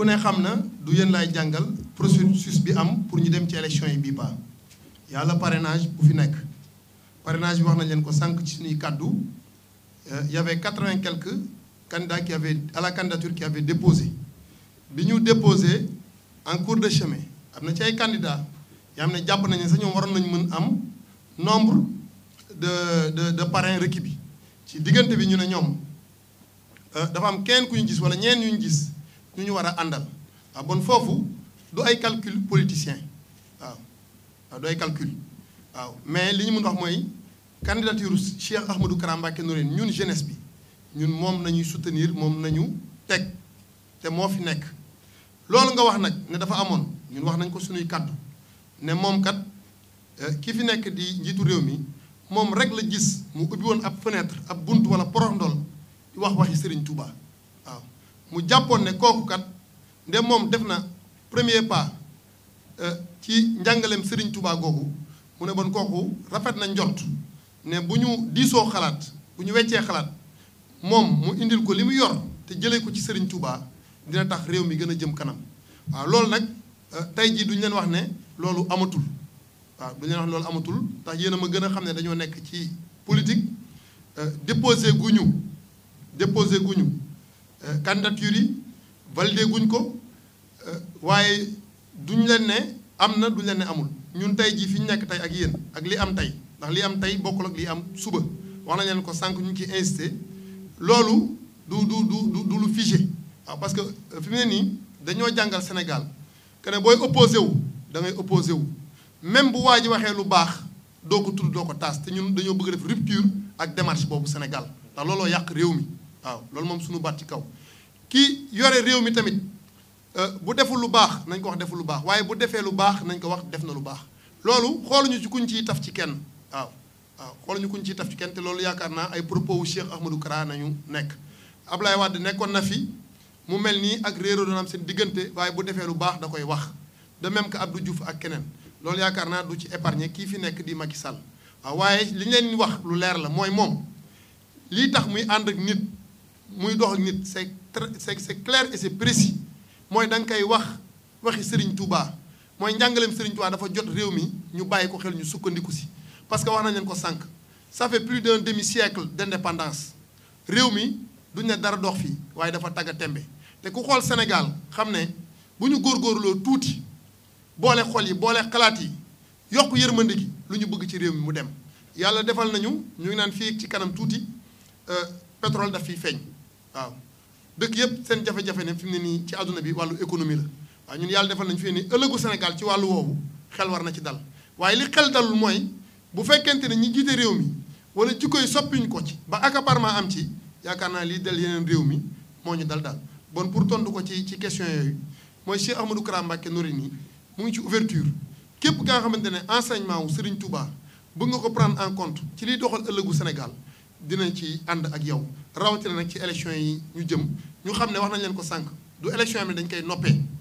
ku ne xam na du yéen laay jàngal processus bi am pour ñu dem ci élection yi bii yàlla parenage bu fi nekk parrainage bi wax nañ leen ko sànq ci suñuy kàddu euh, y avait quatre-vingt quelque candidats qui avaient à la candidature qui déposé bi ñu déposé en cours de chemin am na ci ay candidats yoo xam jàpp nañu sax ñoom waroon nañu mën am nombre de de de parrains requis bi ci diggante bi ñu ne ñoom euh, dafa am kenn ku ñu gis wala ñeen yu ñu gis ñu ñu war a àndal waaw bon foofu du ay calcul politicien waaw waaw du ay calcul waaw mais li ñu mun wax mooy candidature Cheikh Ahmadou Kara Mbacké Noreyni ñun jeunesse bi ñun moom nañuy soutenir moom nañu teg te moo fi nekk loolu nga wax nag ne dafa amoon ñun wax nañ ko suñuy kàddu ne moom kat euh, ki fi nekk di njiitu réew mi moom rek la gis mu ubbi woon ab fenêtre ab bunt wala porox ndool di wax waxi sëriñ Touba waaw mu jàppoon ne kooku kat nde moom def na premier pas euh, ci njàngaleem Serigne Touba googu mu ne bon kooku rafet na njort ne bu ñu diisoo xalaat bu ñu weccee xalaat moom mu indil ko li mu yor te jëlee ko ci Serigne Touba dina tax réew mi gën a jëm kanam waaw loolu nag euh, tey jii duñu leen wax ne loolu amatul waaw duñu leen wax ne loolu amatul ndax yéena ma gën a xam ne dañoo nekk ci politique euh, déposé guñu déposé guñu. Euh, candidature yi validé guñ ko euh, waaye duñ leen ne am na duñ leen ne amul ñun tey jii fi ñu nekk tey ak yéen ak li am tey ndax li am tey bokkul ak li am suba wax nañ leen ko sànq ñu ngi insté loolu du du du du lu figé waaw parce que euh, fi mu ne nii dañoo jàngal Sénégal que booy opposé wu da ngay wu même bu waa ji waxee lu baax doo ko tudd doo ko taas te ñun dañoo bëgg def rupture ak démarche boobu Sénégal ndax looloo yàq réew mi waaw loolu moom suñu baat ci kaw ki yore réew mi tamit euh, bu deful lu baax nañ ko wax deful lu baax waaye bu defee lu baax nañ ko wax def na lu baax loolu xooluñu ci kuñ ciy taf ci kenn waaw waaw xooluñu kuñ ciy taf ci kenn te loolu yaakaar naa ay propos wu Cheikh Ahmadou Kara nañu nekk Ablaye Wade nekkoon na fi mu mel nii ak réero doon seen diggante waaye bu defee lu baax da koy wax de même que du Diouf ak keneen loolu yaakaar naa du ci épargner kii fi nekk di Macky Sall waaw waaye li ñu leen wax lu leer la mooy moom lii tax muy ànd nit muy dox ak nit c'est très c'est claire et c'est précis mooy da nga koy wax waxi Serigne Touba mooy njàngaleem Serigne Touba dafa jot réew mi ñu bàyyi ko xel ñu sukkandiku si parce que wax nañ leen ko sànq ça fait plus d'un demi-siècle d'indépendance réew mi duñ ne dara dox fii waaye dafa tagga tembe te ku xool Sénégal xam ne bu ñu góor góorloo tuuti boole xol yi boole xalaat yi yokk yërmande lu ñu bëgg ci réew mi mu dem yàlla defal nañu ñu ngi naan fii ci kanam tuuti euh, pétrole daf fiy feeñ waaw dëkk yëpp seen jafe-jafe ne fi mu ne nii ci àdduna bi wàllu économie la waaw ñun yàlla defal nañu fi ne ëllëgu Sénégal ci wàllu woowu xel war na ci dal waaye li xel dalul mooy bu fekkente ne ñi jiite réew mi wala jikko yi soppiñu ko ci ba accaparement am ci yaakaar naa liy del yeneen réew mi moo ñu dal daal bon pour tontu ko ci ci question yooyu mooy si Ahmadou Kara Mbacké Noreyni mu ngi ci ouverture képp nga xamante ne enseignement wu Serigne Touba bëgg ko prendre en compte ci liy doxal ëllëgu Sénégal dinañ ci ànd ak yow rawatina nag ci élection yi ñu jëm ñu xam ne wax nañ leen ko sànq du élection yi dañ koy noppee